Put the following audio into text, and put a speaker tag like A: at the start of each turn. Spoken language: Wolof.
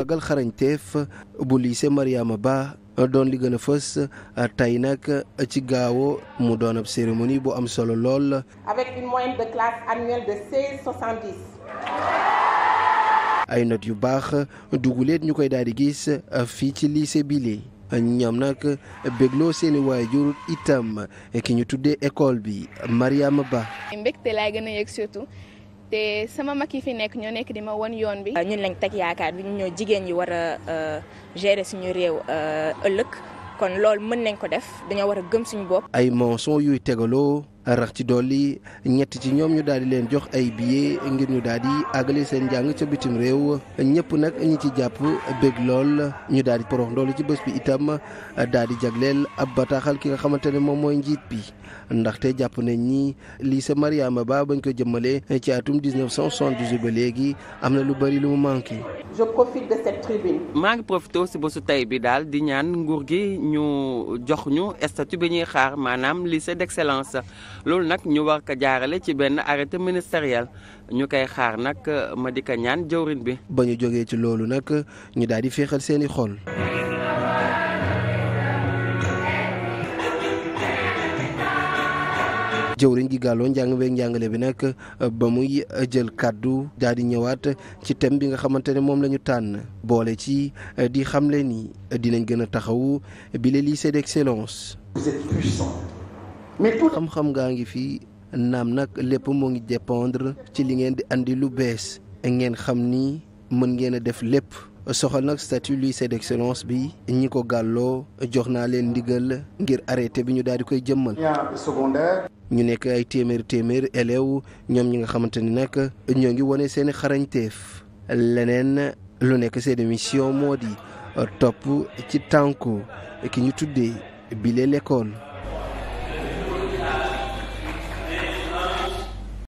A: màggal xarañteef bu lycée Mariama Ba doon li gën a fës tey nag ci gaawo mu doon ab cérémonie bu am solo lool. avec ay not yu baax duguleet ñu koy daal di gis fii ci lycée bile ñam nag bégloo seeni waajur itam ki ñu tuddee école bi Mariama Ba. te sama mag yi fi nekk ñoo nekk di ma wan yoon bi. Ah, ñun lañ teg yaakaar bi ñu ñoo jigéen ñi war a euh, gérer suñu réew euh, ëllëg kon loolu mën nañ ko def dañoo war a gëm suñu bopp. ay mensonges yuy tegaloo. rax ci dolli ñett ci ñoom ñu daal di leen jox ay billets ngir ñu daal di àggale seen njàng ca bitim réew ñëpp nag ñi ci jàpp bëgg lool ñu daal di porox ndoolu ci bés bi itam daal di jagleel ab bataaxal ki nga xamante ne moom mooy njiit bi ndaxte jàpp nañ ni lycée Mariama Ba bañ ko jëmmalee ci atum 1978 ba léegi am na lu bari lu mu manqué.
B: maa ngi profité si bésu tey bi daal di ñaan nguur gi ñu jox ñu statut bi ñuy xaar maanaam li lycée d'excellence. loolu nag ñu war ko jaarale ci benn arrêté ministériel ñu koy xaar nag ma di ko ñaan jëwrin bi.
A: ba ñu jógee ci loolu nag ñu daal di féexal seeni xol. jëwriñ gi gàlloo njàng beeg njàngale bi nag ba muy jël kàddu daal ñëwaat ci thème bi nga xamante ne moom lañu tànn boole ci di xamle ni dinañ gën a taxawu bile lycée d'excellence. Vous mais tout xam-xam ngaa ngi fii naam nag lépp moo ngi dépendre ci li ngeen di indi lu bees ngeen xam ni mën ngeen a def lépp soxal nag statut lycée d'excellence bi ñi ko gàlloo jox naa leen ndigal ngir arrêté bi ñu daal di koy jëmmal. ñu nekk ay téeméer téeméer élèves ñoom ñi nga xamante ni nag ñoo ngi wane seen i xarañteef leneen lu nekk seen émission moo di topp ci tànku ki ñu tuddee bile l'école